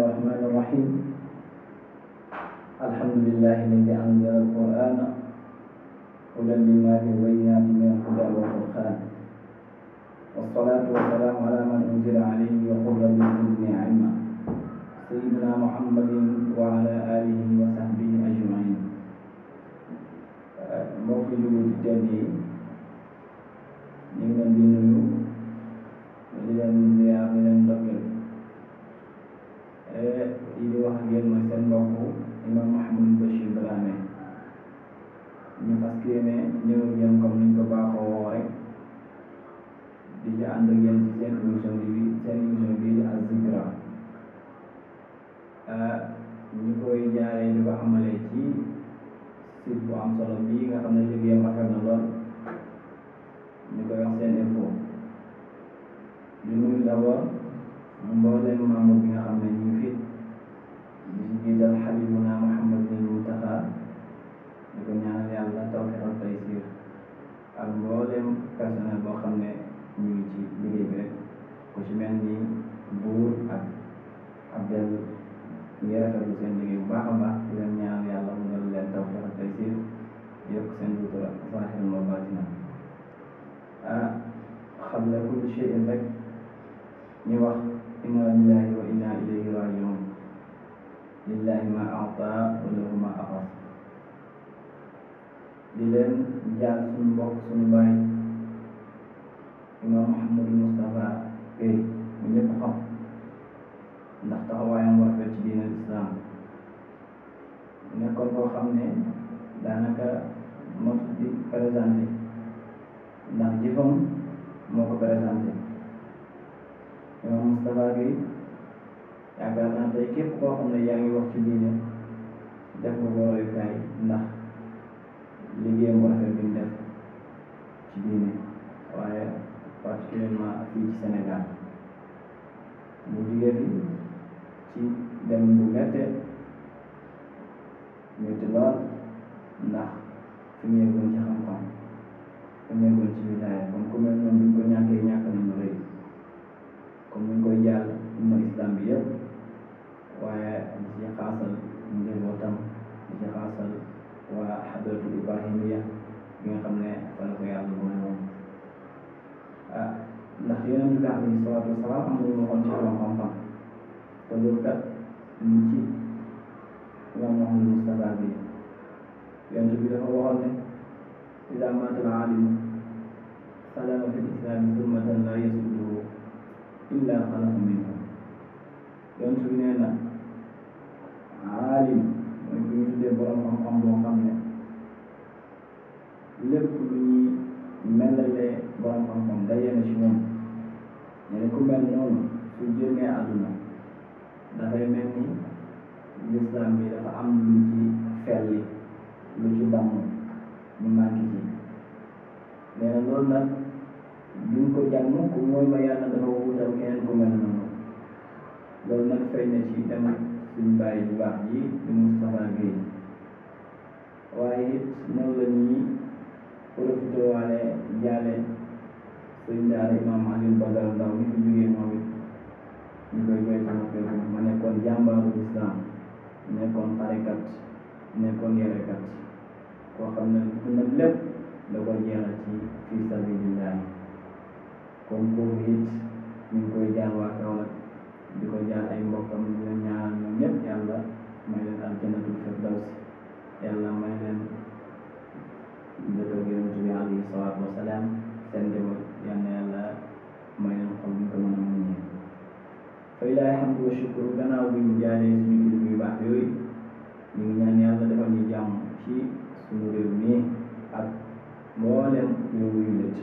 الرحمن الرحيم الحمد لله الذي أنزل القرآن هدى للناس وبينات من الهدى والفرقان والصلاة والسلام على من أنزل عليه وقل بالإذن علما سيدنا محمد وعلى آله وصحبه أجمعين mbokk jullit yi ñëw ak yéen comme niñ ko baaxoo woo rek di ci ànd ak yéen ci seen émission bi seen émission bi di Azikra euh, ñu koy jaaree ñu ko amalee ci site bu am solo bii nga xam ne liggéeyam rafet na lool ñu koy wax seen info di nuyu d'abord mboolem membre bi nga xam ne ñu ngi fi. mbooleem personnel boo xam ne ñu ngi ci liggéey bi rek ku ci mel ni buur ak Abdel ñu ngi rafetlu seen liggéey bu baax a baax di leen ñaan yàlla mu doon leen taw fexe tey siir yokk seen dutura saaxir moo baatina ah xam ne kullu shay'in rek ñu wax inna lillahi wa inna ilayhi rajiun lillahi ma ata wa lahu ma axas di leen jaar suñu mbokk suñu baay imam Mouhamadou Moustapha Gueye mu ñëpp xam ndax taxawaayam war ci diine lislaam nekkoon koo xam ne daanaka mot di présenté ndax jëfam moo ko présenté imam Moustapha Gueye yaakaar naa tey képp koo xam ne yaa ngi wax ci diine def nga ko royukaay ndax liggéey mu rafet bi ñu def ci diine waaye particulièrement fii ci Sénégal mu jugee fi dem bu métte métti lool ndax fi mu yeggoon ci xam-xam fi mu yeggoon ci wilaaya comme ku mel noonu bu ko ñàkkee ñàkk nañu rëy comme ñu koy dëkk Ibrahimiya mi nga xam ne fa la ko yàlla boole woon ah ndax yonent bi alayhi salaatu wasalaam am na ñu waxoon ci wàllu xam-xam te loolu kat ñu ci imam Muhammad Mustafa bi yonent bi dafa waxoon ne ida maata al-aalimu salama fi l-islaami sunnatan laa yasudduhu illa xalafa minhu yonent bi na aalim mooy bu ñu tuddee borom xam-xam boo xam ne lépp lu ñuy melalee borom xam-xam dajee na ci moom ne ku mel noonu su génnee àdduna dafay mel ni lislaam bi dafa am lu ci felli lu ci mu manqué ci nee na loolu nag ko jàng ku mooy ma yàlla dafa wutal keneen ku mel noonu loolu nag fay na ci dem suñ bàyyi bu baax yi di Moustapha Guèye waaye noonu la ñuy profité waale jaale sëñ daara imam Aliou Badara Ndaw mi fi jógee moom it ñu koy joytama koytama ma nekkoon jàmbaaru islam nekkoon tarekat nekkoon yerekat koo xam ne dundam lépp da ko jeexal ci fi sabilillahi comme boobu it ñu ngi koy jaar waa Kaolack di ko jaar ay mbokkam di leen ñaanal ñoom ñëpp yàlla may leen aljannatul firdaws yàlla may jëloog yonent bi alayhi salaatu wasalaam seen njaboot yal na yàlla may leen xol bu ko mën a muñee fa ilaahi hamdu wa shukru gannaaw bi ñu jaalee suñu kilifa yu baax yooyu ñu ngi ñaan yàlla defal ñu ci suñu réew mi ak mboolem réew yu lët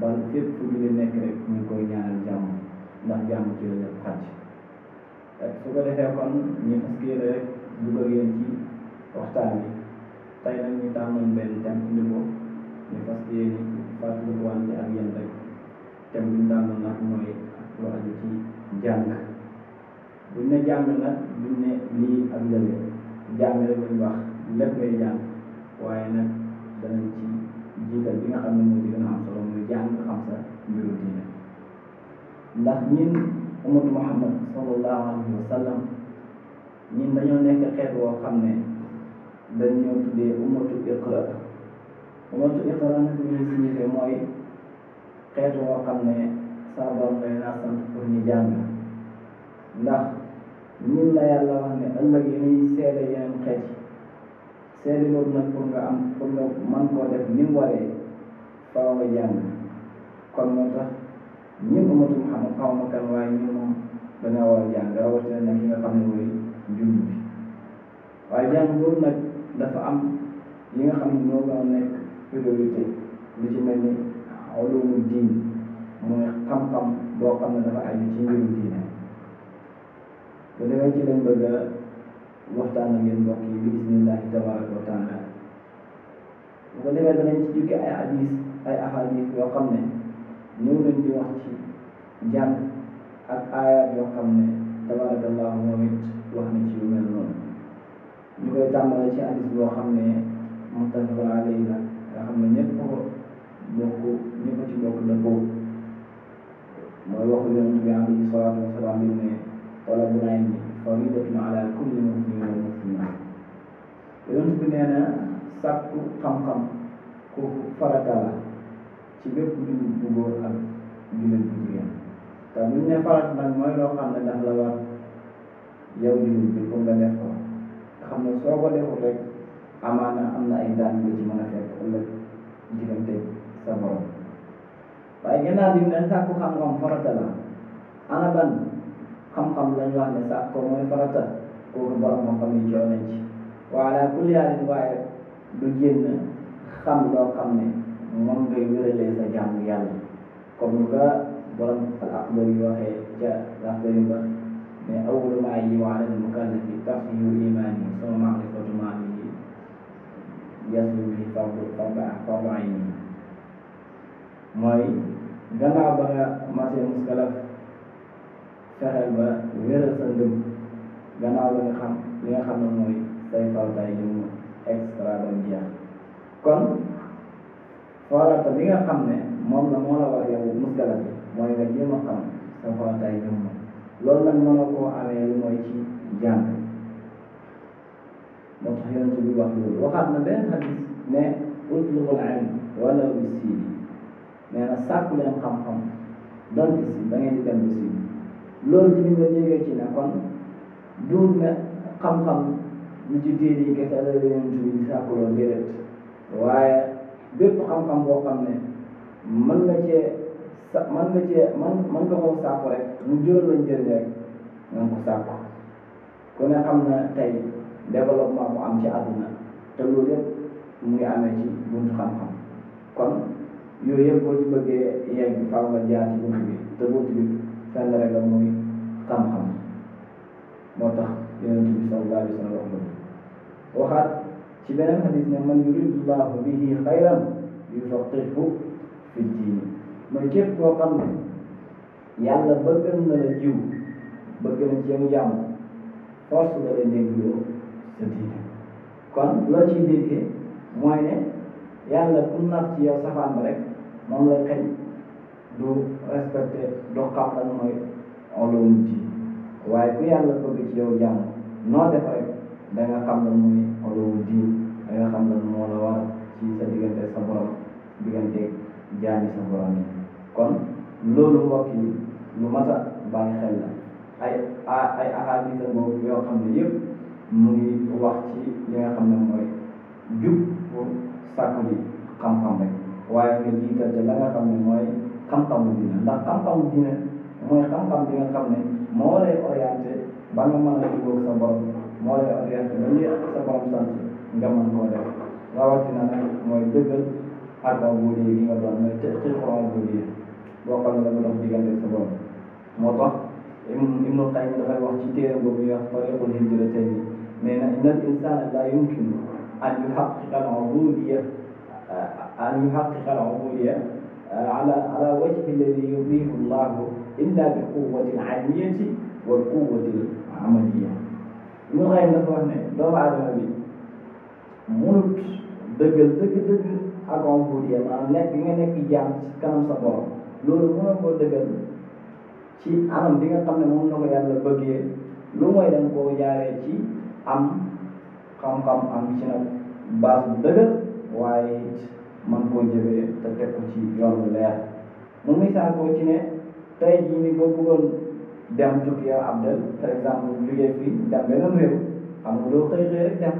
bal fépp fu ñu nekk rek ñu koy ñaanal jàmm ci la lépp xaj su ko defee kon ñu fas yéene rek ci waxtaan tey nag ñu tànnoon benn thème indi ko ñu fas yéene fàttalikuwante ak yéen rek thème bi ñu tànnoon mooy lu aju ci jàng buñ ne jàng nag buñ ne lii ak lële jàng rek lañ wax lépp ngay jàng waaye nag danañ ci xam ne moo ci gën a am solo muy jàng xam sa mbiru diine ndax ñin umatu muhammad sallallahu alayhi xeet woo xam ne dañ ñoo tuddee ummatu iqra ummatu iqra nag li muy signifié mooy xeetu woo xam ne saa borom day naa sant pour ñu jàng ndax ñun la ne ëllëg yi ñuy seede yeneen xeet seede loolu nag pour am pour nga man koo def ni mu waree faaw nga jàng kon moo tax ñun ummatu Muhammad xaw ma waaye ñun moom dañoo war a jàng rawatina nag ki nga xam ne mooy jum bi waaye jàng dafa am li nga xam ne ñoo war ci mel ni ulumu diin mooy xam-xam boo xam ne dafa aju ci mbiru diine bu defee ci lañ bëgg a waxtaan ak yéen bi bismillahi tabaraka wa taala bu ko ci jukki ay hadis ay ahadis yoo xam ne ñëw nañ di wax ci jàng ak aayat yoo xam ne tabaraka allahu moom it wax na ci lu mel noonu ñu koy tàmbalee ci hadis boo xam ne muttafaqun alayhi la nga xam ne ñëpp ko bokk ñëpp ci bokk dëppoo mooy waxu yonent bi alayhi salaatu wa salaam bi ne talabul ilmi faridatun ala kulli muslimin wa muslima yonent bi nee na sàkku xam-xam ku farata la ci bépp jullit bu góor ak jullit bu jigéen te bu ñu ne farata nag mooy loo xam ne daf la war yow jullit bi pour nga def ko xam ne soo ko deful rek amaana am na ay daan yu ci mën a fekk ëllëg diggante sa borom waaye gannaaw bi mel sàkku xam-xam farata la ana ban xam-xam lañu wax ne sàkk ko mooy farata kooku borom xam-xam yi joo nañ ci waala kuliyaalin waaye du génn xam loo xam ne moom ngay wéralee sa jàmm yàlla comme lu ko borom al aqdar yi waxee ca al aqdar yi ba mais awwalu maa yajibu ala al-mukallafi tahsilu imaanihi summa ma'rifatu maa yaslu bihi fardu aynihi mooy gannaaw ba nga matee muskalaf fexeel ba wéral sa ngëm gannaaw la nga xam li nga xam ne mooy say farataay yi mu extra ba kon farata bi nga xam ne moom la moo la war yow muskalaf bi mooy nga jéem a xam sa farataay yi mu loolu nag mënoo ko amee lu mooy ci jàng moo tax yonent bi wax loolu waxaat na benn xadis ne utlubul ilm wala bi siini nee na sàkku leen xam-xam donte si da ngeen di dem bi siini loolu ci ni nga déggee ci ne kon duur ne xam-xam lu ci téere yi kese la yonent bi di sàkku waye déedéet waaye bépp xam-xam boo xam ne mën nga cee sa man nga cee man man nga koo sàkku rek mu jural la njëriñ rek nga ko sàkku ku ne na tey développement bu am ci àdduna te loolu mu ngi amee ci buntu xam-xam kon yooyu yëpp boo ci bëggee yegg faaw nga jaar ci bi te buntu bi rek la muy xam-xam moo tax yonent bi sallallahu alayhi wa waxaat ci beneen xadis ne man yuridullahu bihi xayran yufaqihu fi diin mooy képp koo xam ne yàlla bëggal na la jiw bëgg na ci yow jàmm force nga lay dégloo sa kon loo ciy déggee mooy ne yàlla ku naat ci yow safaan ba rek moom lay xëy du respecté du xam lan mooy olomu diine waaye ku yàlla bëgg ci yow noo def rek da nga xam lan mooy olomu diine da nga lan moo la war ci sa diggante sa borom diggante kon loolu mbokk yi lu mat a bàyyi xel ay ay ahadisa boobu yoo xam ne yëpp mu ngi wax ci li nga xam ne mooy jub pour sàkku ji xam-xam rek waaye nga jiital te la nga xam ne mooy xam-xamu dina ndax xam-xamu dina mooy xam-xam bi nga xam ne moo lay orienté ba nga mën a jubóog sa borom moo lay orienté ba li sa borom sant nga mën koo def rawatina nag mooy dëggal ak aw bu dee li nga doon mooy te ci xorom bu dee boo xam ne dama dox diggante sa borom moo tax Ibnu Qayyim dafay wax ci téere boobu ñuy wax tariqul hijratayni nee na inna al insana la yumkinu an yuhaqqiqa al ubudiyya an yuhaqqiqa al ubudiyya ala ala wajhi alladi yuriihu llahu illa bi quwwati al ilmiyyati wal quwwati al amaliyya Ibnu Qayyim dafa wax ne doomu aadama bi mënut dëggal dëgg dëgg ak ubudiyya maanaam nekk bi nga nekk jaam ci kanam sa borom loolu mënoo koo dëggal ci anam bi nga xam ne moom na ko yàlla dañ koo jaaree ci am xam-xam am ci nag base bu dëgër waaye it man koo jëfee te teg ci yoon bu mu misaal ko ci ne tey jii ni boo bëggoon dem tukki yow Abdel par exemple jugee fii dem beneen réew xam nga doo dem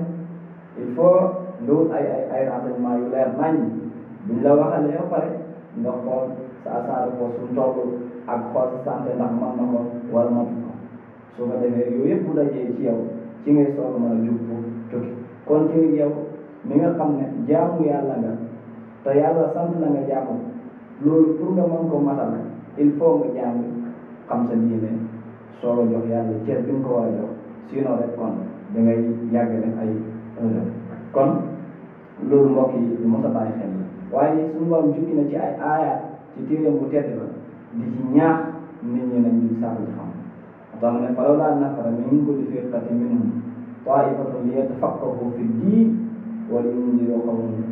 il faut nga ay ay ay renseignement yu leer naññ buñ la waxalee ba pare nga saa saa ko su toog ak xool sa santé ndax mën na ko wala matu ko su ko defee yooyu yëpp bu dajee ci yow ci ngay soog a mën a jub pour tukki kon tamit yow mi nga xam ne jaamu yàlla nga te yàlla sant na nga jaamu loolu pour nga mën ko matal il faut nga jàng xam sa diine eh, soog a jox yàlla ko war a jox sinon rek kon dangay yàgg def ay erreur kon loolu mbokk yi lu mos a bàyyi xel la waaye ci ay ci téeréem bu tedd ba di ci ñaax nit ñi nañ ñu sàmm ci xam tax ne falawlaa nafara min kulli firqatin minhum taa'ifatun liyatafaqqahu fi diin wa liyunziru qawmahum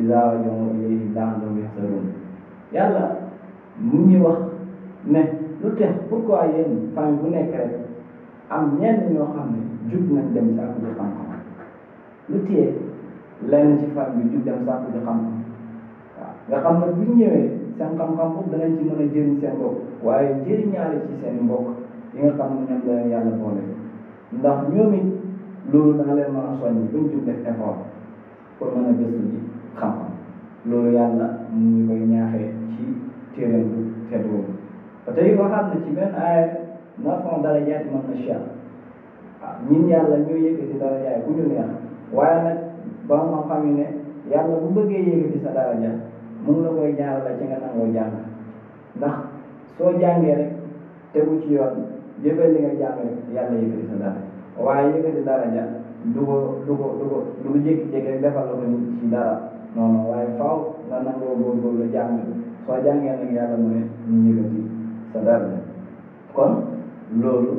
izaa raja'uu ilayhim la'allahum yahzaruun yàlla mu ngi wax ne lu tax pourquoi yéen famille bu nekk am ñenn ñoo xam ne jug nañ dem sàkku ji xam-xam lu téye lenn ci famille bi jug dem sàkku ji xam-xam waaw nga xam ne bu ñëwee. seen xam-xam boobu danañ ci mën a jëriñ seen bopp waaye jëriñaale ci seen mbokk yi nga xam ne ñoom la leen ndax ñoom it loolu dana leen mën a soññ buñ jug def effort pour mën a gëstu ji xam-xam loolu yàlla mu ngi koy ñaaxee ci téeréel bu tedd boobu ba tey waxaat na ci benn aaya narfa'u darajaati man nashaa ah ñun yàlla ñoo yëkkati darajaay ku ñu neex waaye nag borom xam-xam yi ne yàlla bu bëggee yëkkati sa daraja mun na koy jaarale ci nga nangoo jàng ndax soo jàngee rek tegu ci yoon jëfee li nga jàng rek yàlla yëkkati sa dara waaye yëkkati dara ja du ko du ko du ko du ko jékki-jékki rek defal la ko nit ci dara non non waaye faaw nga nangoo góorgóorlu jàng soo jàngee nag yàlla mu ne ñu yëkkati sa dara kon loolu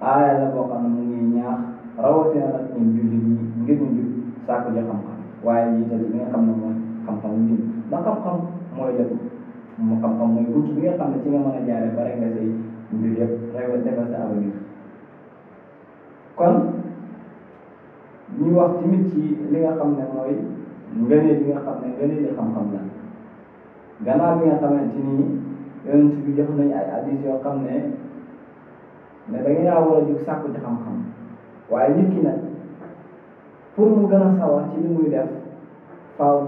aaya la boo xam ne mu ngi ñaax rawatina nag ñun jullit ñi ngir ñu jub sàkku ji xam-xam waaye jiital li nga xam ne mooy xam-xam ba xam-xam mooy lépp mu xam-xam mooy bunt bi nga xam ne ci nga mën a jaare ba rek nga say mbir yëpp rewa kon ñu wax tamit ci li nga xam ne mooy ngëneel bi nga xam ne ngëneel yi xam-xam la gannaaw bi nga xamante ni yonent bi jox nañu ay addis yoo xam ne ne da nga war a jóg waaye nit ki nag mu gën a sawar ci li muy def faaw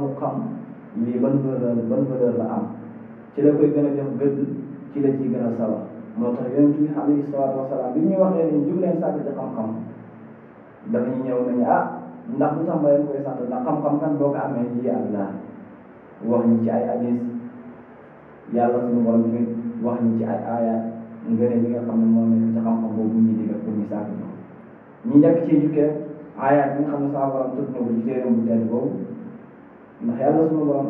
lii ban valeur ban valeur la am ci la koy gën a jox gëdd ci la ciy gën a sawar moo tax yonent bi alayhi salaatu wasalaam bi ñuy waxee ni jug leen sàkk ci xam-xam dafa ñu ñëw nañu ah ndax lu tax ma leen koy sant ndax xam-xam kan boo ko amee lii ak laa wax ñu ci ay hadis yàlla suñu borom tamit wax ñu ci ay aaya ngëne li nga xam ne moo nekk ci xam-xam boobu ñu digal pour ñu sàkk ñi njëkk ci jukkee aaya bi nga xam ne saa borom tudd na ko boobu ndax yàlla suñu borom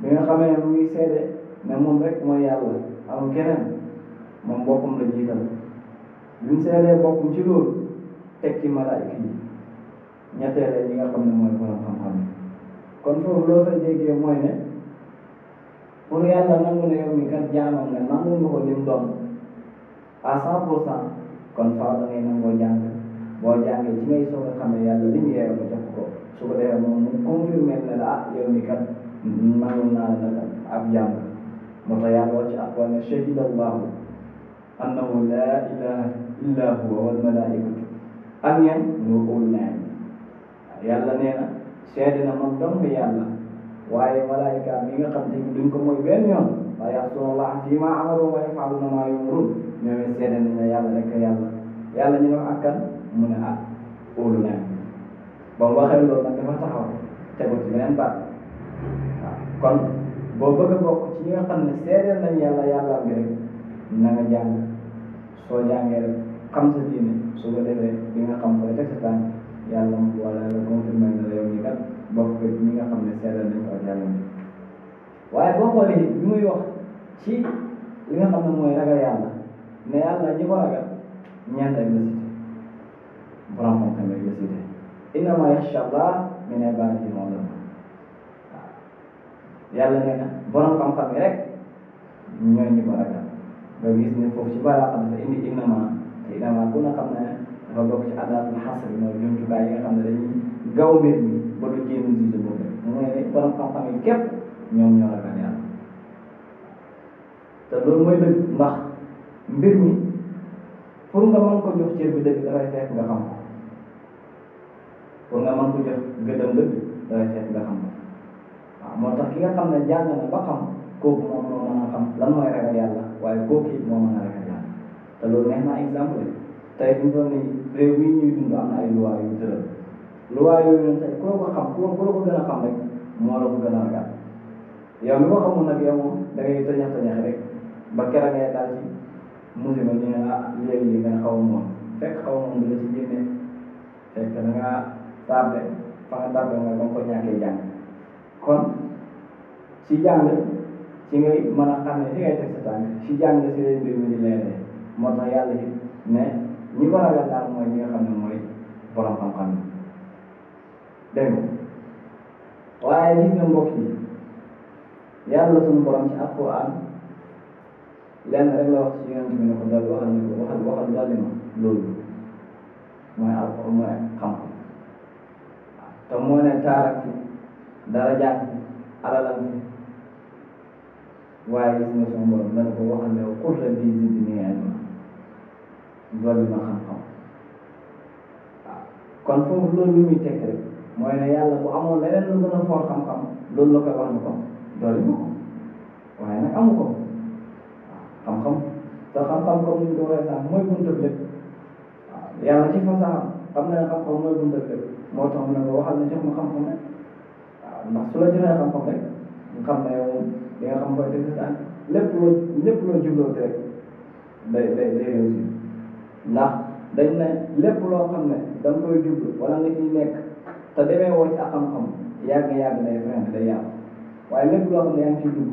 bi nga xam ne mu ngi seede ne moom rek mooy yàlla amul keneen moom boppam la jiital bi mu seedee boppam ci loolu teg ci malaayka yi ñetteele nga xam ne mooy borom xam-xam kon foofu loo fay déggee mooy ne pour yàlla nangu ne yow mi kat jaamam nga nangu nga ko lim doon à cent pour cent kon faaw da ngay nangoo jàng boo jàngee ci ngay soog a xamee yàlla lim yeewu ko su ko defee moom mu confirmé la ah yow mi naa la nag ab jàmm moo tax yàlla wax ci alquran ne shahida allahu annahu laa ilaha illa huwa wal malaikatu ak ñan ñoo óolu naan yàlla nee na seede na moom dong yàlla waaye malaayika mi nga xam te duñ ko mooy benn yoon waaye ya'suuna fii maa amaru wa yaf'aluuna maa yu'maruun ñoom it seede nañ ne yàlla rek yàlla yàlla ñu ne ak mu ne ah óolu boobu waxee loolu nag dafa taxaw tegu ci beneen baat waaw kon boo bëgg a bokk ci ñi nga xam ne seedeel nañ yàlla yàlla am rek na nga jàng soo jàngee rek xam sa diine su ko nga xam fooy teg sa tànk yàlla mu wala la confirmé na la yow ñi kat xam ne seedeel nañ ko yàlla mi waaye boo xoolee bi muy wax ci li nga xam ne mooy ragal yàlla ne yàlla ñi ko ragal ñeent ak la innama yaxsha Allah min ibadihi al-ulama yàlla nee na borom xam-xam yi rek ñooy ñu ko ragal nga gis ne foofu ci balaa xam dafa indi innama te innama ku na xam ne dafa bokk ci adaatul xasr bi mooy jumtukaay yi nga xam ne dañuy gaw mbir mi ba du génn juge boobu mooy ne borom xam-xam yi képp ñoom ñoo ragal yàlla te loolu mooy dëgg ndax mbir mi pour nga mën ko jox cër bi dëgg dafay fekk nga xam ko pour nga mën ko jox gëddam dëgg dara seet nga xam ko waaw moo tax ki nga xam ne jàng na ba xam kooku moom moo mën a xam lan mooy ragal yàlla waaye kooku it moo mën a ragal yàlla te loolu na exemple de tey fi mu toll nii réew yi ñuy dund am na ay luwaa yu tëral luwaa yooyu noonu tey ku la ko xam ku la ko gën a xam rek moo la ko gën a ragal yow mi ko xamul nag yow moom da ngay tëñax tëñax rek ba kera ngay daal ci musiba ñu ne li ah, nga xaw moom fekk xaw moom bi la ci génne tardé fa tardé mooy nga ko ñàkkee jàng kon ci jàng ci ngay mën a xam ne fi ngay teg sa tànk ci jàng si lay mbir mi di leeree moo tax ne ñi ko ragal daal mooy ñi nga xam ne mooy borom xam-xam yi dégg nga waaye gis nga mbokk yi yàlla suñu borom ci alquran lenn rek la wax ci yonent bi ne ko dal waxal waxal waxal dalli ma loolu mooy alquran mooy te moo ne taarak fi dara jàpp alalam fi waaye gis nga suñu borom dana ko waxal ne qul rabbi zidni ilma dolli ma xam-xam waaw kon foofu loolu lu muy tekk rek mooy ne yàlla bu amoon leneen lu gën a foor xam-xam loolu la koy wax ni ko dolli ma ko waaye nag amu ko xam-xam te xam-xam comme ni ñu ko waxee sax mooy buntu lépp waaw yàlla ci fasaxam xam na ne xam-xam mooy buntu moo tax mu ne nga waxal na jox ma xam-xam rek waaw ndax su la joxee xam-xam rek nga xam ne yow di nga xam koy def seetaan lépp loo lépp loo jubloo rek day day day dañ ne lépp loo xam ne da nga koy jublu wala nga ciy nekk te demee woo ci ak xam-xam yàgg-yàgg day freiné day yàqu waaye lépp loo xam ne yaa ngi ciy dugg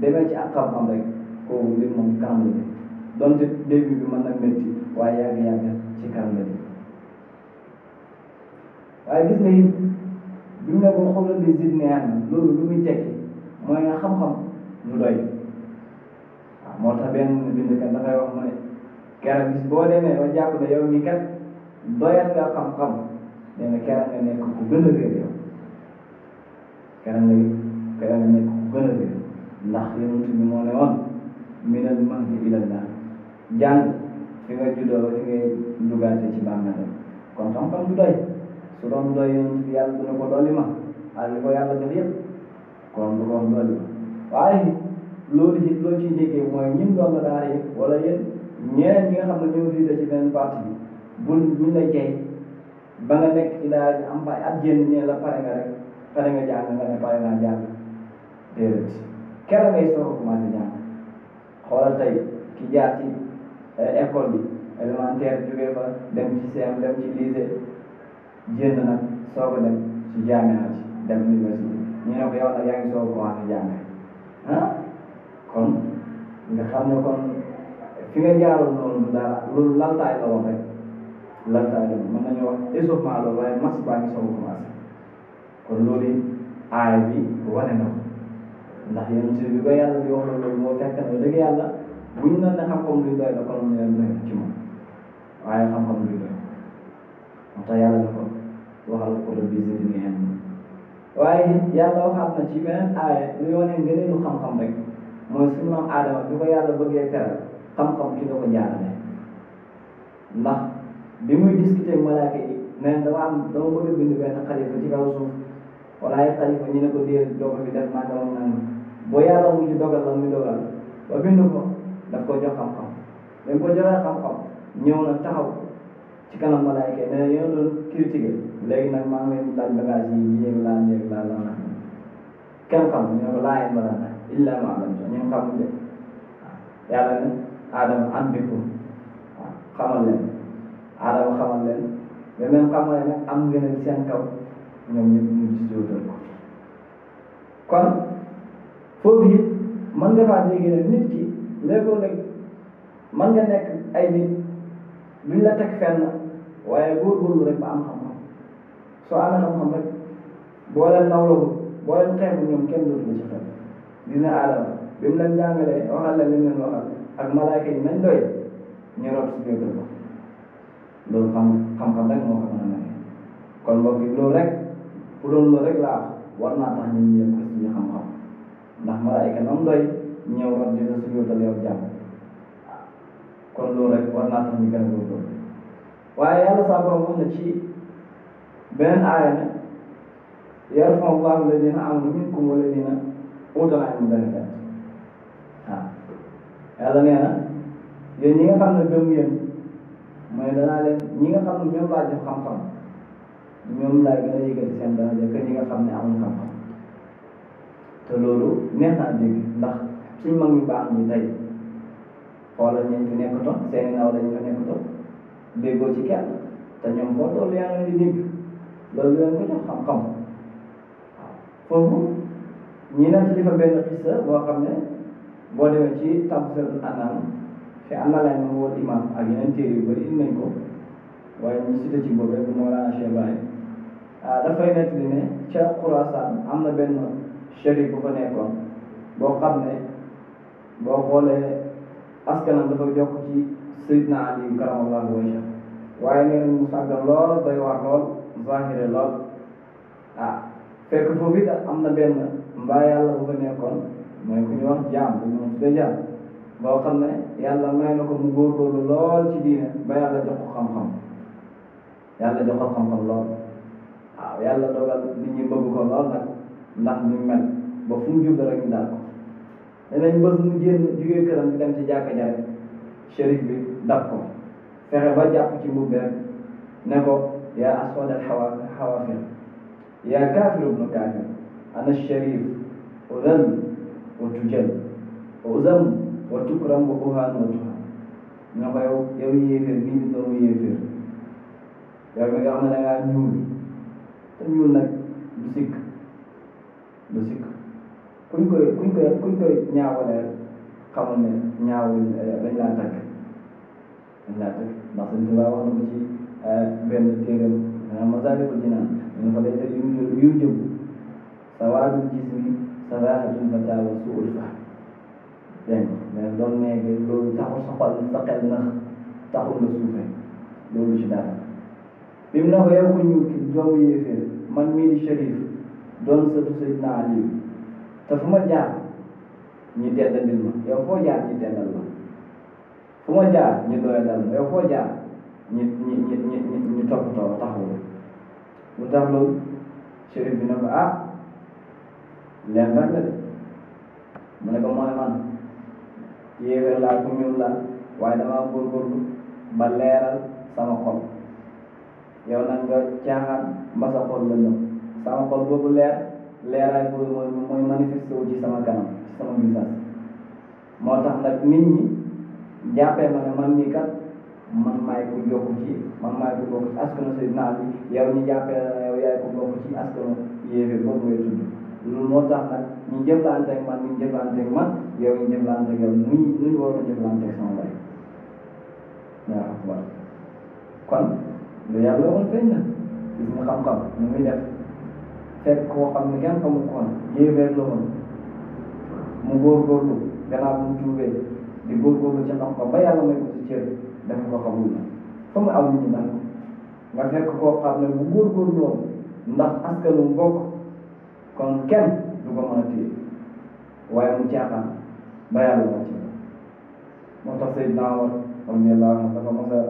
demee ci ak xam-xam rek kooku mbir moom ci kanam la jëm donte début bi mën na métti waaye yàgg-yàgg ci kanam la waaye gis nga it bi mu ne ko xoolal bi zidnaa ilman loolu lu muy tekki mooy nga xam-xam lu doy waaw moo tax benn bindkat dafay wax mu ne keroog bis boo demee ba jàpp ne yow mi kat doyal nga xam-xam nee na keroog nga nekk ku gën a réer yow keroog nga keroog nga nekk ku gën a réer ndax yonent bi moo ne woon minal mahdi ilal naar jàng fi nga juddoo fi ngay dugaate ci bàmmeelam kon xam-xam lu doy su doon doy yonent bi yàlla dina ko dolli ma ko yàlla jox yëpp kon du ko dolli waaye loolu ci loolu ci déggee mooy ñun doon daara yi wala yéen ñeneen ñi nga xam ne ñoo fi de ci benn parti bi buñ buñ ba nga nekk ci daara ji am fa at jénn nga rek pare a commencé jàng xoolal tey ki jaar ci école bi élémentaire dem ci CM dem ci génn nag soog a dem ci jaamee ci dem université ñu ne ko yow nag yaa ngi soog a commencé jaamee ah kon nga xam ne kon fi nga jaaroon noonu dara loolu lantaay la woon rek lantaay la mën nañu wax échauffement loolu waaye max baa ngi soog a commencé kon loolu aay bi wane na ko ndax yonent bi ba yàlla di wax loolu moo fekk na na ne xam-xam luy doy la kon ñu leen doy ci moom waaye xam-xam moo tax yàlla ne ko waxal ko rabbi zidni ilma waaye yàlla waxaat na ci beneen aaya luy wane ngëneelu xam-xam rek mooy suñu maam aadama bi ko yàlla bëggee teral xam-xam ci la ko jaarale ndax bi muy discuter malaaka yi neen dama am dama bëgg a bind benn xalifa ci kaw suuf wala ay xalifa ñu ne ko déer dogal bi def naa dama naan boo yàlla mu ci dogal la muy dogal ba bind ko daf ko jox xam-xam dañ ko joxee xam-xam ñëw na taxaw ci kanam malaayka yi mais yéen a doon critiqué léegi nag maa ngi leen laaj bagage yi ñu yëg laa yëg laa la wax kenn xam ñu ne ko laa ilma lana illaa maa allamtanaa ñu xam de yàlla ne Adama anbiqu waaw xamal leen Adama xamal leen mais même xamal leen nag am ngeen seen kaw ñoom ñëpp ñu gis jóotal ko kon foofu it mën nga faa déggee nit ki léegoo léeg mën nga nekk ay nit. luñ la teg fenn waaye góorgóorlu rek ba am xam-xam soo amee xam-xam rek boo leen nawloo boo leen xeebu ñoom kenn dootu la ci fenn dina aadama bi mu leen jàngalee waxal la li mu leen waxal ak malaayka yi nañ doy ñu root si biir dëkk loolu xam xam-xam rek moo ko mën a nekk kon mbokk yi loolu rek bu doon loolu rek laa war naa tax ñu ñëw ko suñu xam-xam ndax malaayka nam doy ñëw root dina si biir dëkk yow jàmm kon loolu rek war naa tax ñu gën a góorgóorlu waaye yàlla saa borom wax na ci beneen aaya ne yarfa Allahu ladina amanu minkum wa ladina utul ilma darajaat waaw yàlla nee na yéen ñi nga xam ne gëm ngeen mooy danaa leen ñi nga xam ne ñoom laa jox xam-xam ñoom laay gën a yëgati seen daraja que ñi nga xam ne amul xam-xam te loolu neex naa dégg ndax suñ mag ñu baax ñi tey. xoolal ñu fi nekkutoon seen i naaw lañ fa nekkutoon déggoo ci kenn te ñoom foo toll yaa ngi di dégg loolu leen ko jox xam-xam waaw foofu ñi naan ci fa benn xisa boo xam ne boo demee ci Tabsirul Anam te analay ma wóor imam ak yeneen téere yu bëri indi nañ ko waaye ñu cité ci boobu rek Mawlana Cheikh Baye ah dafay nekk li ne ca Xurasaan am na benn chérif bu fa nekkoon boo xam ne boo xoolee. askanam dafa jokk ci Seydina Ali karamallahu wajha waaye nee nañ mu sàggan lool doy waar lool zahire lool ah fekk foofu it am na benn mbaa yàlla bu fa nekkoon mooy ku ñu wax jaam bu ñu tuddee jaam boo ne yàlla may na ko mu góorgóorlu lool ci diine ba yàlla jox ko xam-xam yàlla jox ko xam-xam lool waaw yàlla dogal nit ñi bëgg ko lool nag ndax ñu mel ba fu mu jublu rek ñu daal ko danañ bés mu génn jugee këram di dem ci jàkka jàkk shérif bi dab ko fexe ba jàpp ci mbubb rek ne ko yaa aswad al xawa xawafir yaa kaafir ubnu kaafir ana shérif udal wa tujal uzam wa tukram wa uhaan wa tuhaan ne ko yow yow yéeféer nii di doomu yéeféer yow mi nga xam ne dangaa ñuul te ñuul nag du sikk du sikk kuñ koy kuñ koy kuñ koy ñaawale xamal ne ñaawul euh, dañ laa takk dañ laa takk ndax Sëñ Tuubaa wax na ko ci euh, benn téeram Masaalikul Jinaan ñu fa lay yu yu jëm sawaadul jismi saraahatun fataawa suul fa dégg nga loolu nekk loolu taxul sa xol sa xel na taxul nga suufee loolu ci dara bi mu ne ko yow ku ñuul ki doomu yéeféer man mii di Chérif doon sëtu Seydina Aliou te fu ma jaar ñu teddandil ma yow foo jaar ñu teddal ma fu ma ja ñu doyadal ma yow foo jaar ñu ñu ñu ñu ñu toppatoo lu tax loolu ko ah leen rek la mu ne ko mooy man yéewér laa la waaye damaa góorgóorlu ba leeral sama xol yow nag nga caaxaan ba sa xol la sama xol boobu leer leeraay boobu mooy mooy manifesté wu ci sama kanam ci sama visage moo tax nag nit ñi jàppee ma man mii kat man maay ko yokku ci man maay ko bokk ci askanu Seydina bi yow ñu jàppee la yow yaay ko bokk ci askanu yéeféer boobu ngay tudd loolu moo tax nag ñu jëflante ak man ñu jëflante ak man yow ñu jëflante ak yow nuñ nuñ waroon a jëflante sama bay waaw waaw kon lu yàlla woon feeñ na gis nga xam-xam nu muy fekk koo xam ne kenn xamu ko woon yéeféer la woon mu góorgóorlu gannaaw bu mu tuubee di góorgóorlu ci xam-xam ba yàlla may ko ci cër def ko xamul na fa mu aw nit ñi daal nga fekk koo xam ne mu góorgóorlu woon ndax askanu mbokk kon kenn du ko mën a téye waaye mu caaxaan ba yàlla wàcc moo tax Seydina Omar radiyallaahu anhu dafa mos a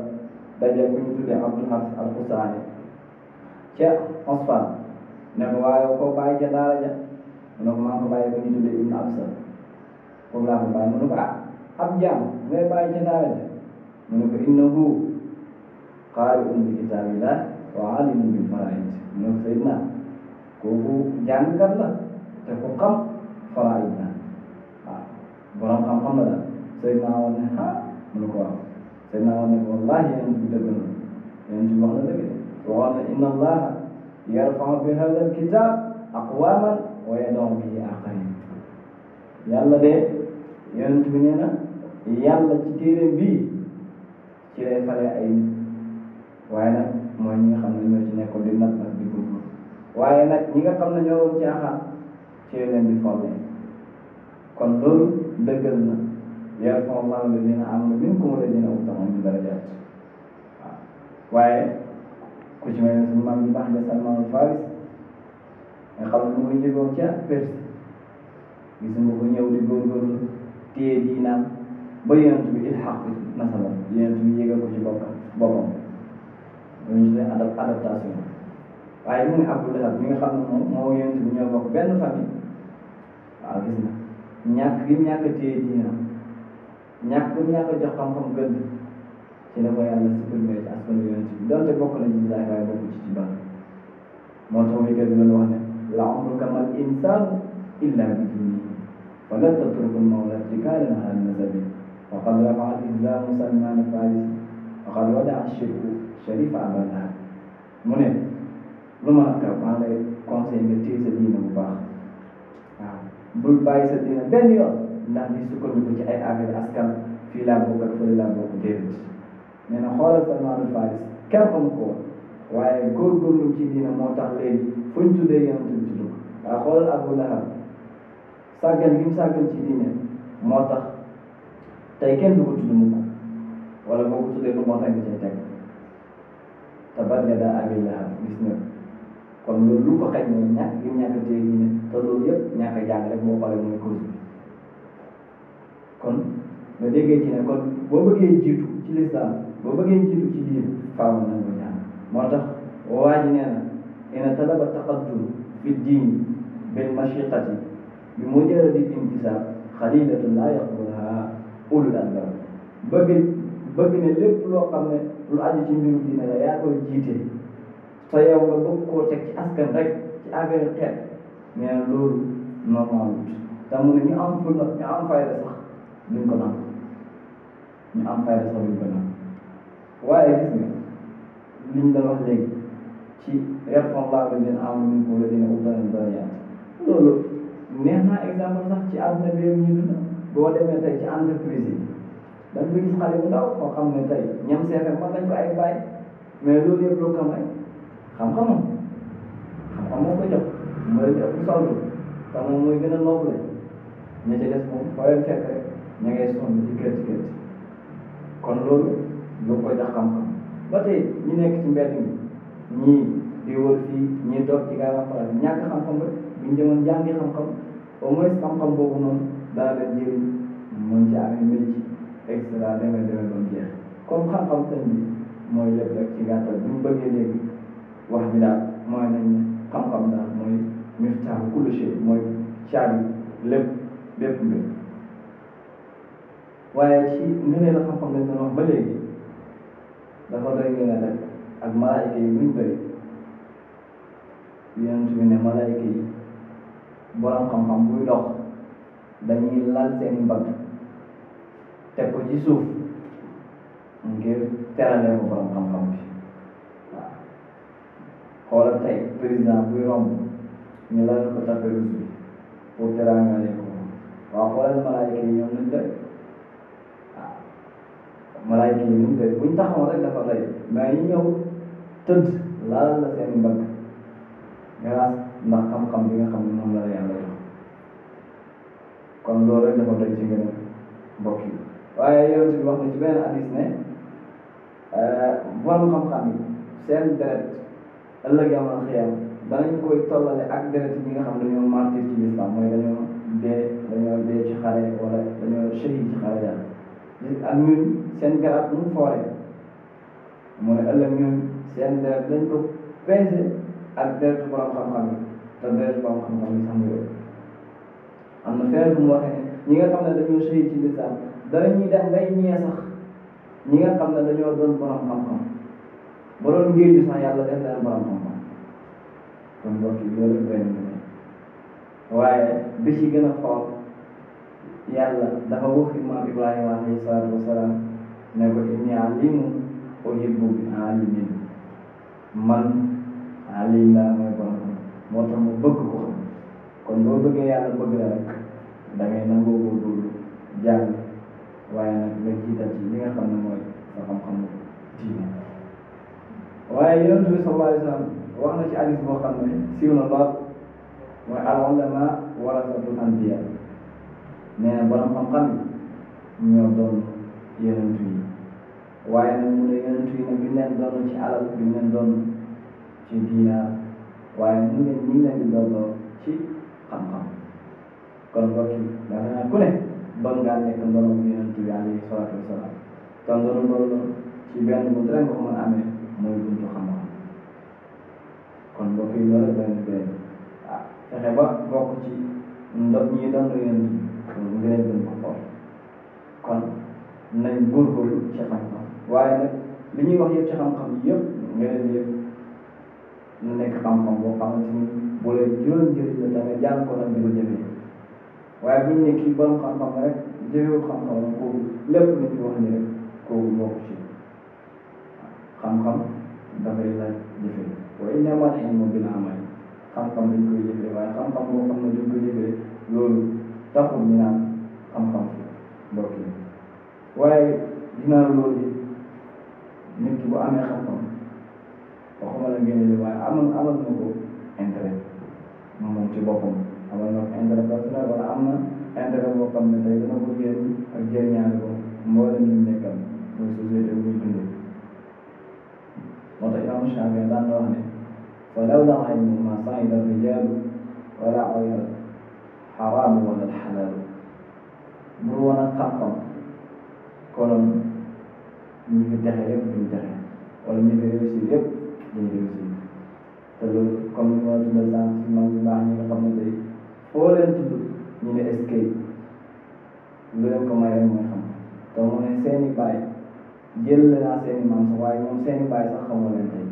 daje ku ñu tuddee Abdul Haris al Xusaani ca Osfane ne ko waaye koo bàyyi ja mu ne ko maa ngi ko bàyyi ko ñu tuddee Ibn Absa foofu laa ko bàyyi mu ne ko ah ab jaam ngay bàyyi ca daara bi kitaabillah wa aalimun bil faraa'id mu ne ko la te ko waaw Seydina woon ne ko wallaahi yéen a ngi tudd dëgg la yéen a ngi tudd wax na dëgg waxoon inna allaha yarfa'u bi hadzal kitab aqwaman wa yada'u bihi akharin yàlla de yonent bi nee na yàlla ci téere bi ci lay fale ay nit waaye nag mooy ñi nga xam ne ñoo ci nekkoon di nag ak di góorgóorlu waaye nag ñi nga xam ne ñoo woon caaxaan ci leen di kon loolu dëggal na yarfa'u Allahu alladhina amanu minkum walladhina utul ulul darajaat waaw waaye ku ci mel ne suñu maam yu baax nga Salman al Faris nga xam ne mooy jógoo ca Perse gis nga ko ñëw di góorgóorlu téye diinaam ba yonent bi ilxaq bi nasala yonent bi yéegal ko ci bokka boppam ñu tuddee adap adaptation waaye mu ngi Abdul Ahad mi nga xam ne moom moo yonent bi ñoo bokk benn famille waaw gis nga ñàkk gi ñàkk téye diinaam ñàkk gi ñàkk jox xam-xam gëdd ci la ko yàlla supprimé ci askanu yonent bi donte bokk na ci bidaaya waaye bokk ci bid'a moo tax muy gën doon wax ne la umruka mal insaanu illa bi diinihi wala tatruku mawla irtikaalan ala nasabi waqad rafa'a al-islaamu Salmaan al-Faarisi waqad wada'a ash-shirku Sharifa Abaa Lahab mu ne lu ma la taw maa lay conseil nga téye sa diina bu baax waaw bul bàyyi sa diina benn yoon ndax di sukkandiku ci ay affaire askan fii laa bokk ak fële laa bokk déedéet nee na xoolal Salmaanul Faarisi kenn am ko waaye góorgóorlu ci diina moo tax léegi fu ñu tuddee yonent bi tudd waaye xoolal Abu Lahab sàggan gi mu sàggan ci diine moo tax tey kenn du ko tudd mukk wala boo ko tuddee lu moo tax nga cay teg te ban nga daa Abi Lahab gis nga kon loolu lu ko xaj ne ñàkk gi ñàkk a téye diine te loolu yëpp ñàkk a jàng rek moo xoolee mooy cause bi kon nga déggee ci ne kon boo bëggee jiitu ci lislaam boo bëggee jiitu ci diin faaw nañu ñaan moo tax waa ji nee na ina talaba taqaddum fi diin bil mashiqati bi mujarradi intisaab xalilatun laa yaqbulaha ulul albab bëgg bëgg ne lépp loo xam ne lu aju ci mbiru diine la yaa koy jiite te yow nga bëgg koo teg ci askan rek ci affaire xeet nee na loolu normalut te mu ne ñu am fulla ñu am fayda sax duñ ko nangu ñu am fayda sax duñ ko nangu waaye gis nga liñ la wax léegi ci yarfan Allahu llaziina aamanu minkum wallaziina uutul ilma loolu neex naa exemple sax ci àdduna bi ñu dund boo demee tey ci entreprise yi dañ ko gis xale bu ndaw koo xam ne tey ñam seefe mën nañ ko ay bàyyi mais loolu yëpp lu xam rek xam-xamam xam-xam moo ko jox mooy ëpp solo te moom mooy gën a noble ña ca des moom fooy fekk rek ña ngay sonn di kër ci kër kon loolu ñoo koy tax xam-xam ba tey ñi nekk ci mbedd mi ñii di wër fii ñii toog ci gàllankoor pare ñàkk xam-xam ba bu ñu demoon jàngi xam-xam au moins xam-xam boobu noonu daa leen jëriñ mën ci amee métier et cetera da nga demee ba mu jeex comme xam-xam sëñ bi mooy lépp rek ci gàttal bu ñu bëggee léegi wax bi daal mooy nañ xam-xam daal mooy miftaahu kulli shay mooy caabi lépp lépp mbir waaye ci nga ne la xam-xam lañ doon wax ba léegi. dafa doy ngeen rek ak malaayka yi buñ bëri yonent bi ne malaayka yi borom xam-xam buy dox dañuy laal seen mbagg teg ko ci suuf ngir teralee ko borom xam-xam bi waaw xoolal tey président buy romb ñu laal ko tapé bi pour teraangalee ko waaw xoolal malaayka yi ñoom lañ def malaayka yi ñu ngi buñ taxawoon rek dafa lay mais ñi ñëw tëdd laal la seen mbagg ma ndax xam-xam bi nga xam ne moom la kon loolu rek dafa doy ci ngeen mbokk yi waaye yonent bi wax na ci benn hadis ne euh, borom xam-xam yi seen deret ëllëg yawmal xiyaam danañ koy tollale ak deret yi nga xam ne dañoo martir ci lislaam mooy dañoo dee dañoo dee ci xare wala dañoo shahid ci xare yéen ak ñun seen garab mu foore mu ne ëllëg ñun seen deret dañ ko peese ak deretu borom xam-xam yi te deretu borom xam-xam yi sax mu am na feneen fu mu waxee ne ñi nga xam ne dañoo sëy ci lislaam dara ñuy def ngay ñee sax ñi nga xam ne dañoo doon borom xam-xam ba doon ngéeju sax yàlla def leen borom xam-xam kon mbokk yi loolu benn waaye bés yi gën a xool yàlla dafa wax maam Ibrahima alayhi salaatu wasalaam ne ko inni alimu uhibbu bi alimin man alim laa mooy borom moo tax mu bëgg ko xam kon boo bëggee yàlla bëgg la rek da ngay nangoo góorgóorlu jàng waaye nag nga jiital ci li nga xam ne mooy sa xam-xam diine waaye yonent bi sallallahu alayhi wasallam wax na ci hadis boo xam ne siiw na lool mooy al ulama warasatul anbiya nee na borom xam-xam yi doon yonent yi waaye nag mu ne yonent yi nag duñ leen doon ci alal duñ doon ci diinaar waaye ñu ne ñu leen doon ci xam-xam kon mbokk yi dafa ku ne bëgg ngaa nekk ndono bu yonent bi alayhi salaatu wasalaam kon ndono loolu ci benn bu rek nga ko mën a amee mooy buntu xam-xam kon mbokk yi loolu benn benn ah, fexe ba bokk ci ndox ñi doon loolu ngëneel bu ñu ko xool kon nañ góorgóorlu ci xam-xam waaye nag li ñuy wax yëpp ci xam-xam yëpp ngëneel yëpp mu nekk xam-xam boo xamante ni bu lay jural njëriñ la da nga jàng ko nag di ko jëfee waaye bu ñu ne kii borom xam-xam rek jëfewul xam-xam la kooku lépp lu ci wax ni rek kooku bokk ci xam-xam dafay laaj jëfee waaye innamal ilmu bil amal xam-xam dañ koy jëfee waaye ne dañ koy taxul ñu naan xam-xam mbokk yi waaye dinaa loolu di nit ki bu amee xam-xam waxuma la ngeen di waaye amal amal na ko intérêt moom ci boppam amal na ko intérêt personnel wala am na intérêt boo xam ne tey dina ko jëriñ ak jëriñaale ko mboolem ñu nekkal mooy société bu ñu dundee moo tax imaam Shaafi daan na wax ne fa law laa ilmu ma xaraam wala xalaal bul wan a xam-xam konoon ñi fi texe yëpp duñ texe wala ñi fi réussir yëpp duñ réussir te loolu comme ni ma tuddal sànq si mag ñu baax ñi nga xam ne tey foo leen tudd ñu ne escape lu leen ko may rek mooy xam te mu ne seeni baay jël naa seeni maam sax waaye moom seeni baay sax xamoo leen tey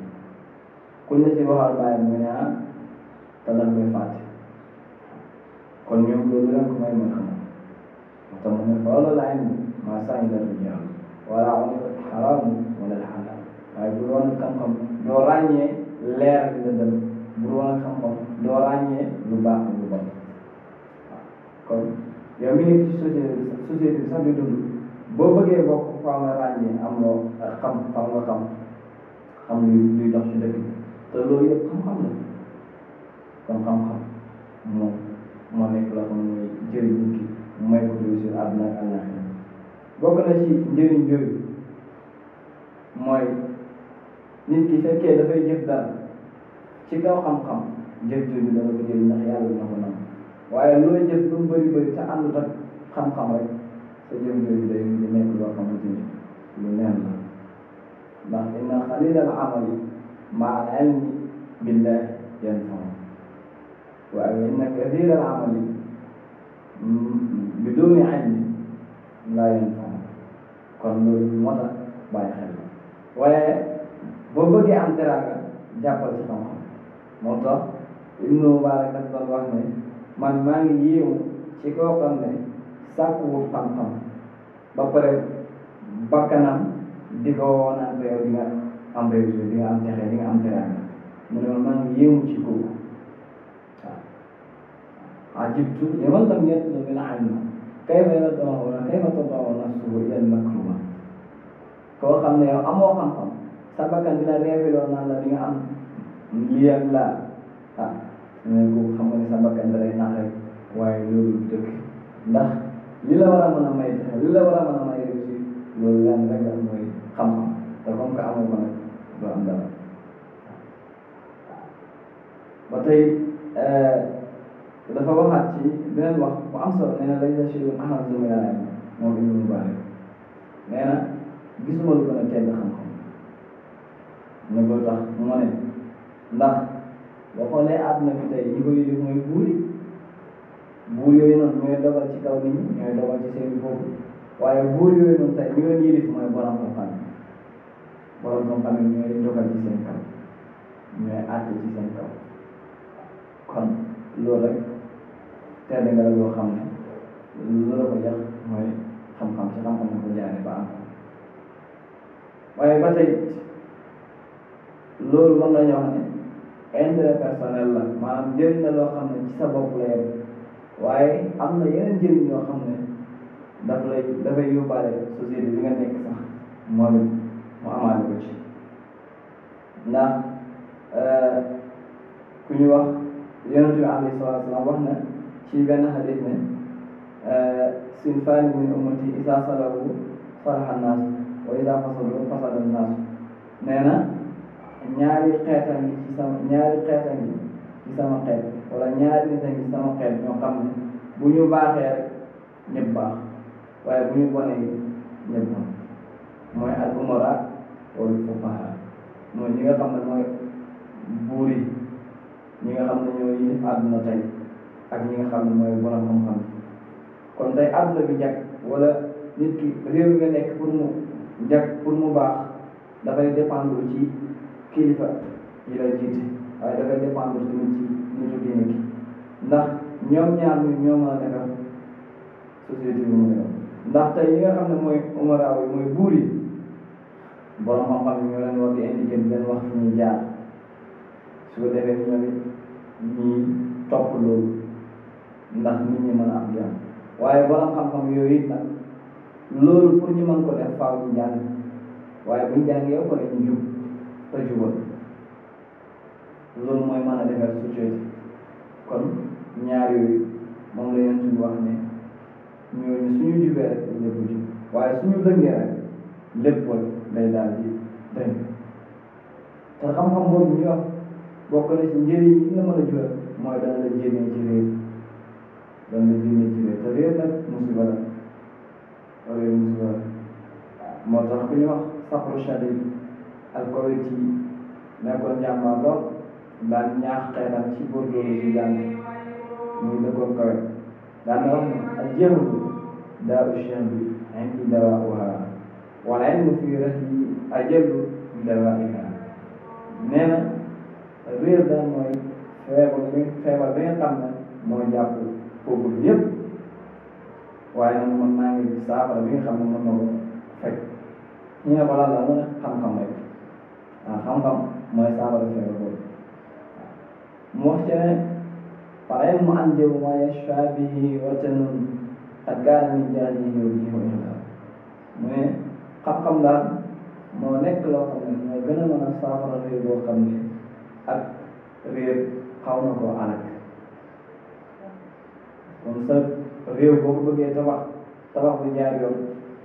kuñ la ci waxal baay mu ne ah te dañ koy fàtte kon ñoom loolu la ko may mën xam moo tax mu ne fa loolu laay maa saa ñu la du jaar wala mu ne xaraam wala la xalaal waaye bu doon xam-xam doo ràññee leer dem bu doon xam-xam doo ràññee lu baax lu bon waaw kon yow mi nekk ci société société bi sax di dund boo bëggee bokk faaw nga ràññee am loo xam faaw nga xam xam luy luy dox ci dëkk bi te loolu yëpp xam-xam moo nekk loo xam ne jëriñ ki may ko réussir àdduna ak àllaaxira bokk na ci njëriñ yooyu mooy nit ki fekkee dafay jëf dara ci kaw xam-xam jëf jooju dana ko jëriñ ndax yàlla dina ko nangu waaye looy jëf lu mu bëri bëri te àndut ak xam-xam rek sa jëf jooju day di nekk loo xamante ni lu neen la ndax inna xalilal amali maa al ilmi billah yanfa وأن كثير العمل بدون علم لا ينفع kon loolu moo tax bàyyi xel waaye boo bëggee am teraanga jàppal ci xam-xam moo tax Ibnu Mubarak daf doon wax ne man maa ngi yéewu ci koo xam ne sàkkuwul xam-xam ba pare bakkanam di ko woo naan yow di nga am réussite di nga am texe di nga am teraanga mu ne man maa ngi yéewu ci عجبت لمن لم يطلب العلم كيف يدعون كيف تضع نفسه إلى المكروه koo xam ne yow amoo xam-xam sa bakkan di la réewiloon naan la di nga am lii ak laa ah ne ko xam nga ne sa bakkan da lay nax rek waaye loolu dëkk ndax li la war a mën a may tax li la war a mën a may réussir loolu lan rek am mooy xam-xam te comme que amoo ko nag doo am dara ba tey dafa waxaat ci beneen wax bu am solo nee na lañ la siy amal sama yaay moom la ñu baale nee na gisuma lu gën a tedd xam-xam mu ne loolu tax mu ne ndax boo xoolee àdduna bi tey yi ko yëg mooy buuri buur yooyu noonu ñooy dogal ci kaw nit ñi ñooy dogal ci seen bopp waaye buur yooyu noonu tey ñu leen yilif mooy borom xam-xam borom xam-xam yi ñooy leen dogal ci seen kaw ñooy àtte ci seen kaw kon loolu Sénégal yoo xam ne loolu la ko yàq mooy xam-xam ci xam-xam ne ko jaare ba am waaye ba tey loolu mën nañoo wax ne intérêt personnel la maanaam njëriñ la loo xam ne ci sa bopp la yem waaye am na yeneen njëriñ yoo xam ne daf lay dafay yóbbaale société bi nga nekk sax moom it mu amaale ko ci ndax euh, ku ñu wax yonent bi alayhi salaatu salaam wax ci benn xadis ne euh, sinfaani min ummati isa salawu salaha naasu wa isa fasalu fasada naasu nee na ñaari xeetam gi ci sama ñaari xeetam gi ci sama xeet wala ñaari nitam gi ci sama xeet ñoo xam ne bu ñu baaxee rek ñëpp baax waaye bu ñu bonee ñëpp baax mooy al umara wala fuqaha mooy ñi nga xam ne mooy buur yi ñi nga xam ne ñoo yilif ak yi nga xam ne mooy borom xam-xam kon tey àdduna bi jag wala nit ki réew mi nga nekk pour mu jag pour mu baax dafay dépendre ci kilifa yi la jiite dafay dépendre tamit ci nitu diine gi ndax ñoom ñaar ñu ñoo mën a defar société bi mu defar ndax tey ñi nga xam ne mooy umaraaw yi mooy buur wax fi ñuy jaar su ko defee ñoom it ndax nit ñi mën a am jàmm waaye borom xam-xam yooyu it nag loolu pour ñu mën ko def faaw ñu jàng waaye buñ jàngee ba pare ñu jub te jubal loolu mooy mën a defar société kon ñaar yooyu moom la yonent bi wax ne ñooñu suñu jubee rek lépp jub waaye suñu dëngee rek lépp day daal di dëng te xam-xam boobu ñu wax bokk na si njëriñ yi nga mën a jural mooy dana la jéemee ci réer wanda diine ji la te réer nag musiba la réer musiba la moo tax ku ñu wax Saxru Shadid al-Kuwaiti nekkoon njàmbaar lool daan ñaax xeetam ci góorgóorlu ci jàng muy dëkkoon kawe daan wax al-jahlu daa'u shabi indi dawaa'uhaa wal ilmu fii rahli ajallu dawaa'ihaa nee na réer daal mooy feebar bi feebar bi nga xam ne moo jàpp pauvre bi yëpp waaye nag man maa ngi saafara bi nga xam ne mën na ko fekk ñu ne ko lan la mu ne xam-xam rek waaw ah, xam-xam mooy saafara feebar boobu mu wax ci ne waaye mu an jëw waaye shaabihi watanun ak gaarami jaaji yow ji wa ilaa mu ne xam-xam daal moo nekk loo xam ne moo gën a mën a saafara réer boo xam ne ak réer xaw na koo alak kon sa réew boo ko bëggee tabax tabax bu jaar yoon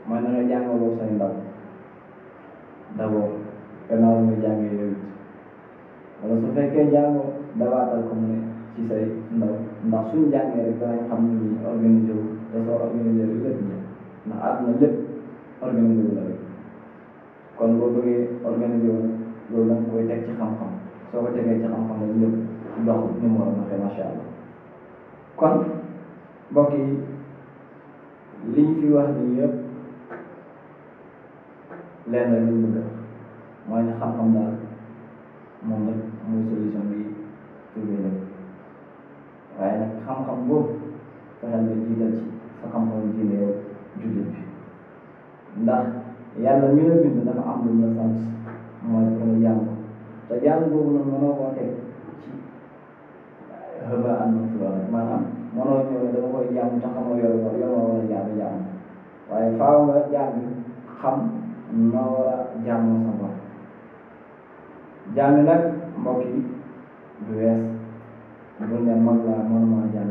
man na nga jàngaloo say ndaw d'abord gannaaw nga jàngee yow it wala su fekkee jàngoo dawaatal ko ci say ndaw ndax suñ jàngee rek danañ xam ni ñuy organisé wu te soo organisé wu lépp kon boo bëggee organisé wu loolu da nga koy teg ci xam-xam soo ko tegee ci xam-xam rek lépp dox ni mu war a kon. mbokk yi liñ fi wax nii yëpp lenn la ñu bëgg mooy ne xam-xam daal moom nag mooy solution bi trouvé la waaye nag xam-xam boobu fexeel nga jiital ci sa xam-xam diine yow jullit bi ndax yàlla mi la bind dafa am lu la sant mooy pour nga jàng te jàng boobu nag mënoo koo teg ci xëba am mënoo ñëw ne dama koy jaamu te xamoo yor yor moo war a jaamu jaamu waaye faaw nga jaam bi xam noo war a jaamoo sa bopp jaami nag mbokk yi du wees bu ne man laa man maa jaam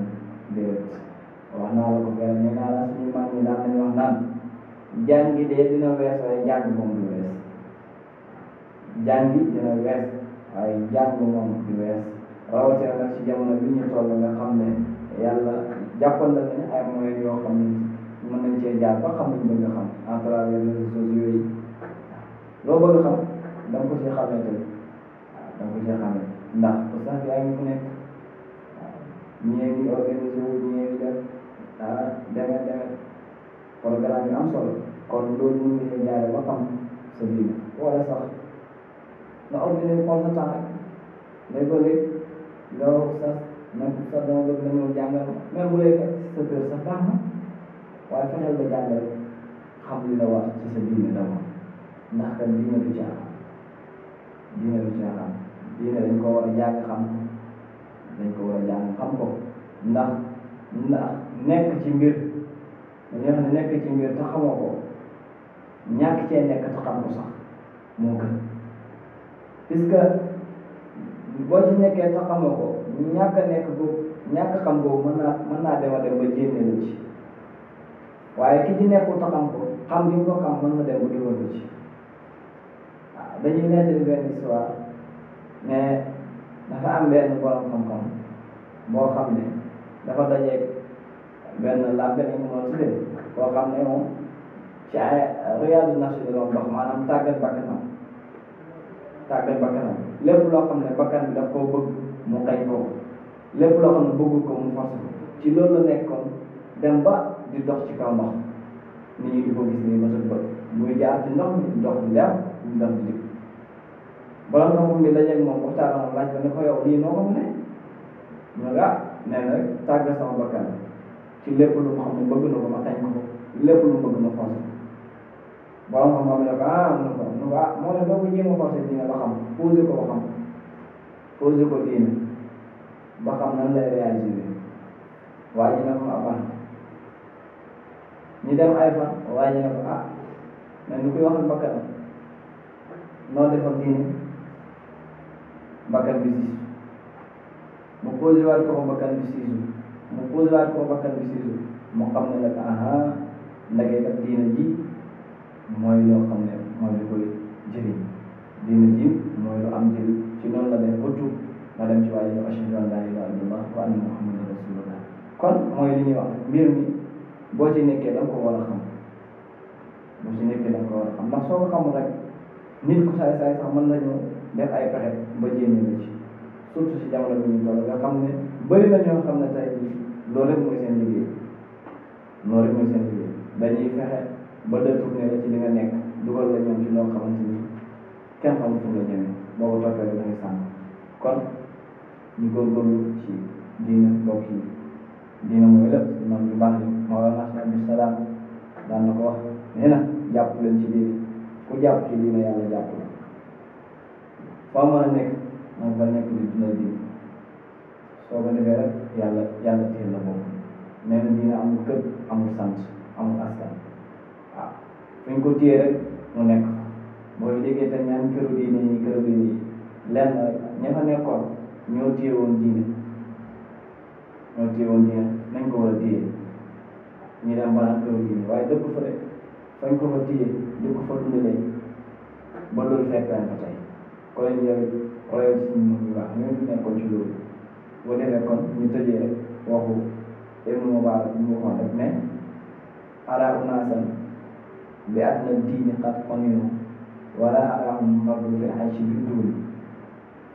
déedéet wax naa la ko benn nee naa la suñu mag ñi daan nañu wax naan jàngi dee dina wees waaye jàng moom du wees jàngi dina wees waaye jàng moom du wees rawatina nag ci jamono bi ñu toll nga xam ne yàlla jàppal la ne ay moyens yoo xam ne mën nañ cee jaar ba xam li ñu bëgg a xam à travers réseaux sociaux yi loo bëgg a xam da nga ko see xamee tamit waaw da nga ko see xamee ndax ustaas bi ay ñu fu nekk waaw ñii ngi organisé wu ñii ngi def ah demee demee programme bi am solo kon loolu mën nga see jaaree ba xam sa biir wala sax nga organisé xool sa temps rek nga bëgg nga ustaas même sa doom bëgg na ñëw jàngal même bu dee sa kër sax baax na waaye fexeel ba jàngal xam li la war ci sa diine d'abord ndax kat diine du caaxaan diine du caaxaan diine dañ ko war a jàng xam dañ ko war a jàng xam ko ndax ndax nekk ci mbir dañuy wax ne nekk ci mbir te xamoo ko ñàkk cee nekk te xam ko sax moo gën puisque boo ci nekkee te xamoo ko ñàkk a nekk bu ñàkk xam boobu mën na mën naa dem a dem ba jéem la ci waaye ki ci nekkul ta xam ko xam li mu ko xam mën na dem ba dugal ci waaw dañuy nettali benn histoire mais dafa am benn borom xam-xam boo xam ne dafa dajeeg benn làbbe ni mu ma tuddee boo xam ne moom ci ay riyaadu nafsi di doon dox maanaam tàggat bakkanam tàggat bakkanam lépp loo xam ne bakkan bi daf koo bëgg mu kañ ko lépp loo xam ne bëggul ko mu forcé ko ci loolu la nekkoon dem ba di dox ci kaw ndox nit ñi di ko gis nii mësul ba muy jaar ci ndox mi ndox di dem ndox di dikk bala nga moom bi dajeeg moom waxtaan moom laaj ko ne ko yow lii noo xam ne mu nga ah, nee na rek tàgga sama bakkan ci lépp lu mu xam ne bëgg na ko ma ko lépp lu mu bëgg ma forcé borom xam-xam ne ko ah mu ne mu ne ko ah moo ne doo ko jéem a forcé dina la xam posé ko ba xam posé ko bien ba xam nan lay réagir waa ji ne ko aban ñu dem ay fan waa ne ko ah mais ni koy waxal bakkanam noo defal diine bakkan bi siisu mu posé waat ko bakkan bi siisu mu posé waat ko bakkan bi siisu mu xam ne nag aha ndagee kat diine ji mooy loo xam ne mooy li koy jëriñ di ji mooy lu am njëriñ ci noonu la def ba tuub nga dem ci waaye ashhadu an laa ilaaha illallah wa anna kon mooy li ñuy wax mbir mi boo ci nekkee da nga ko war a xam boo ci nekkee da nga ko war a xam ndax soo ko xamul rek nit ku saay saay sax mën nañu def ay pexe ba jéem ci surtout si jamono bi ñu toll nga xam ne bëri na ñoo xam ne tey loolu rek mooy seen liggéey loolu rek mooy seen liggéey dañuy fexe ba détourné la ci li nga nekk dugal la ñoom ci kenn xamul fu mu la jëmee boo ko toppee rek da ngay sànq kon ñu góorgóorlu ci diina mbokk yi diina mooy lépp moom ñu baax ni Mawlana Cheikh Abdou Salam na ko wax nee na jàpp leen ci diina ku jàpp ci diina yàlla jàpp la foo mën a nekk man ba nekk di dina diina soo ko defee rek yàlla yàlla téel boobu nee na diina amul kër amul sant amul askan waaw fu ñu ko téye boo déggee te ñaan këru diine yi len diine yi lenn rek ña fa nekkoon ñoo téye woon diine ñoo téye woon diine nañ ko war a téye ñu dem ba naan këru diine waaye dëkk fa rek fañ ko fa téye di ko fa dundalee ba loolu fekk nañ ko tey kon yow royal suñu moom yu baax ñoo ñu nekkoon ci loolu boo demee kon ñu tëjee rek waxu Ibnu Mubaarak ñu waxoon rek ne ala unaasan bi at na diine xat xoninu wala araahum marru fil ayshi bi duuni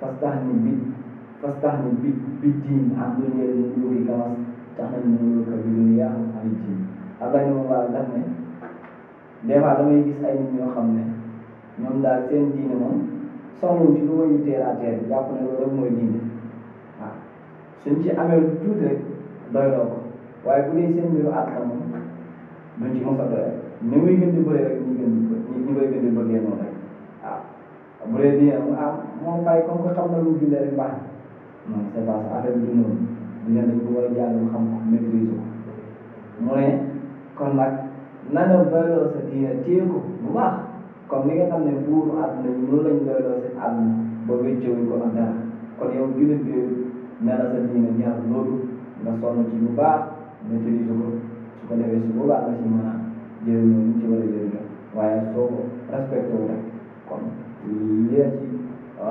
fastahni bi fastahni bi bi diin am lu ngeen luuri kamas tax nañ ñu ko bi dunya ay diin Ablaye moom wala daf ne des fois damay gis ay nit ñoo xam ne ñoom daal seen diine moom soxlawul ci lu ma ñu teer a teer jàpp ne loolu rek mooy diine waaw suñ ci amee tuuti rek doyloo ko waaye bu dee seen mbiru àdduna moom duñ ci mos a doyal ni muy gën di bëree rek ñu gën di bë ñu koy gën di bëggee noonu rek ah bu dee nii ah moom bàyyi comme que xam na lu jullee rek baax na non c'est pas ça affaire bi du noonu dina dañ ko war a jàng xam ko maîtriser ko mu ne kon nag na nga doyloo sa diine téye ko bu baax comme ni nga xam ne buuru àdduna yi noonu lañ doyloo seen àdduna ba wéccewuñ ko ak dara kon yow jullit bi ne la sa diine jar loolu nga sonn ci bu baax maîtriser ko su ko defee su boobaa nga si mën a jëriñoo ñu ci war a jëriñoo waaye soo ko respecté wu rek kon lii ci li nga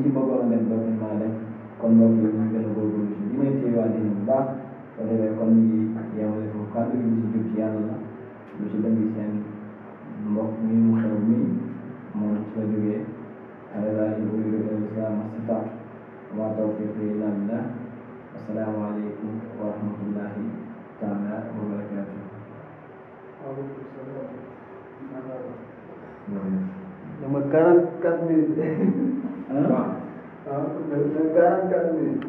ci bëggoon a def doo mën a def kon mbokk yi ñu gën a góorgóorlu ci diine téewaate bu baax ko defee kon ñu yemale foofu kàddu gi si jub ci yàlla la lu ci dëgg seen mbokk mi mu xew mi moom ci la jógee alalahi uridu ilislam asita wa tawfiqi illa billah assalaamu aleykum wa rahmatullahi taala wa barakatuh dama 44 minutes. ah waaw ah dama 44 minutes.